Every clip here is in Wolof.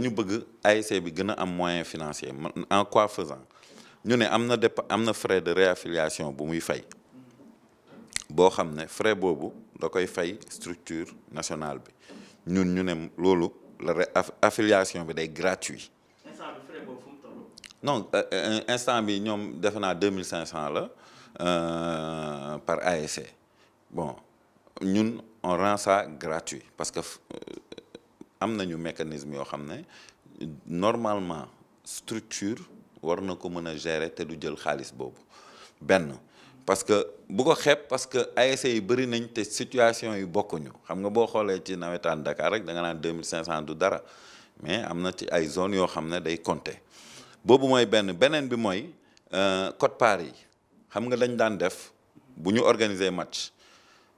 Nous bëgg ASC bi moyen financier en quoi faisant nous ne am frais de réaffiliation bu muy fay boo xam ne frais réaffiliation, da koy fay structure nationale nous ñun ñu ne la affiliation bi day gratuit non euh, euh, instant bi ñoom defe naa deux mille cinq 2500 la euh, par ASC bon ñun on rend ça gratuit parce que am nañu mécanisme yoo xam ne normalement structure war na ko mën a gérer te du jël xaalis boobu benn parce que bu ko xeeb parce que ASC yi bëri nañ te situation yi bokkuñu xam nga boo xoolee ci nawetaan dakaar rek da nga naan 2500 du dara mais am na ci ay zones yoo xam ne day compter boobu mooy benn beneen bi mooy quote-part euh, yi xam nga dañ daan def bu ñu organiser match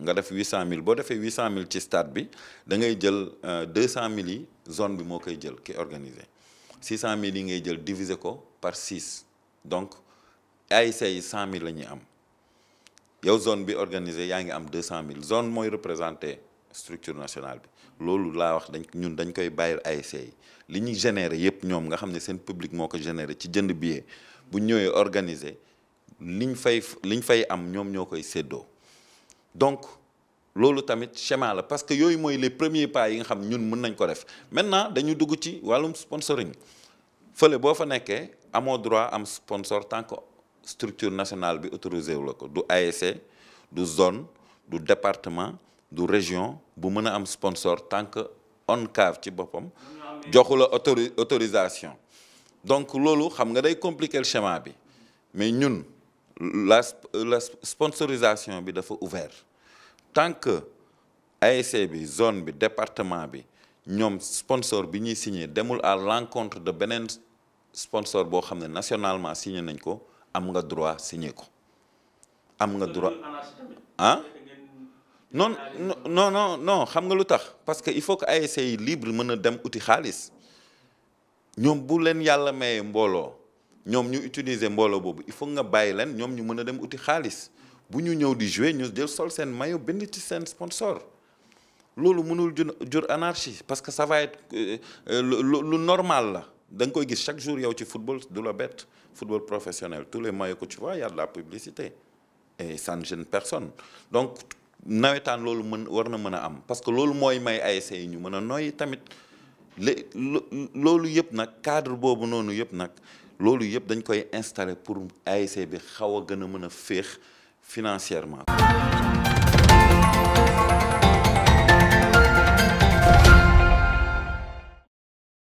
nga def 800000 boo defee 800000 ci stade bi da ngay jël 200000 euh, yi zone bi moo koy jël ki organisé 600000 yi ngay jël diviser ko par 6 donc ay ASC yi 100000 la ñuy am yow zone bi organisé yaa ngi am 200000 zone mooy représenté structure nationale bi loolu laa wax dañ ñun dañ koy bàyyil ay yi li ñuy généré yëpp ñoom nga xam ne seen public moo ko généré ci jënd billet bu ñëwee organisé liñ fay liñ fay am ñoom ñoo koy séddoo. donc loolu tamit schéma la parce que c'est les premiers pas yi nga xam ñun mën nañ ko def maintenant dañu dugg ci wàllum sponsoring êtes, boo fa nekkee amoo droit am sponsor tant que structure nationale bi autorisé wu la du ASC du zone du département du région bu mën am sponsor tant que cave ci cave, joxu la autorisation donc lolu xam nga day compliquer le schéma bi mais ñun la la sponsorisation bi dafa ouvert tant que ASC zone bi département bi ñom sponsor bi ñuy signé demul à l'encontre de benen sponsor bo xamné nationalement signé nañ ko am nga droit signé ko am nga droit ah non non non non xam nga lutax parce que il faut que ASC yi libre mën dem outil xaliss ñom bu len yalla maye mbolo ñom ñu utiliser mbolo bobu il faut nga bàyyi len ñom ñu mën dem outil xaliss bu ñu ñëw di jouer ñu jël sol seen maillot bind ci seen sponsor loolu mënul jur anarchie parce que ça va être euh, lu normal la da nga koy gis chaque jour yow ci football du la bête, football professionnel tous les maillots que tu vois y a de la publicité et ça ne gêne personne donc nawetaan loolu mën war na mën a am parce que loolu mooy may ASC yi ñu mën a noyyi tamit lé loolu yëpp nag cadre boobu noonu yëpp nag loolu yëpp dañ koy installer pour ASC bi xaw a gën a mën a féex financeiramente.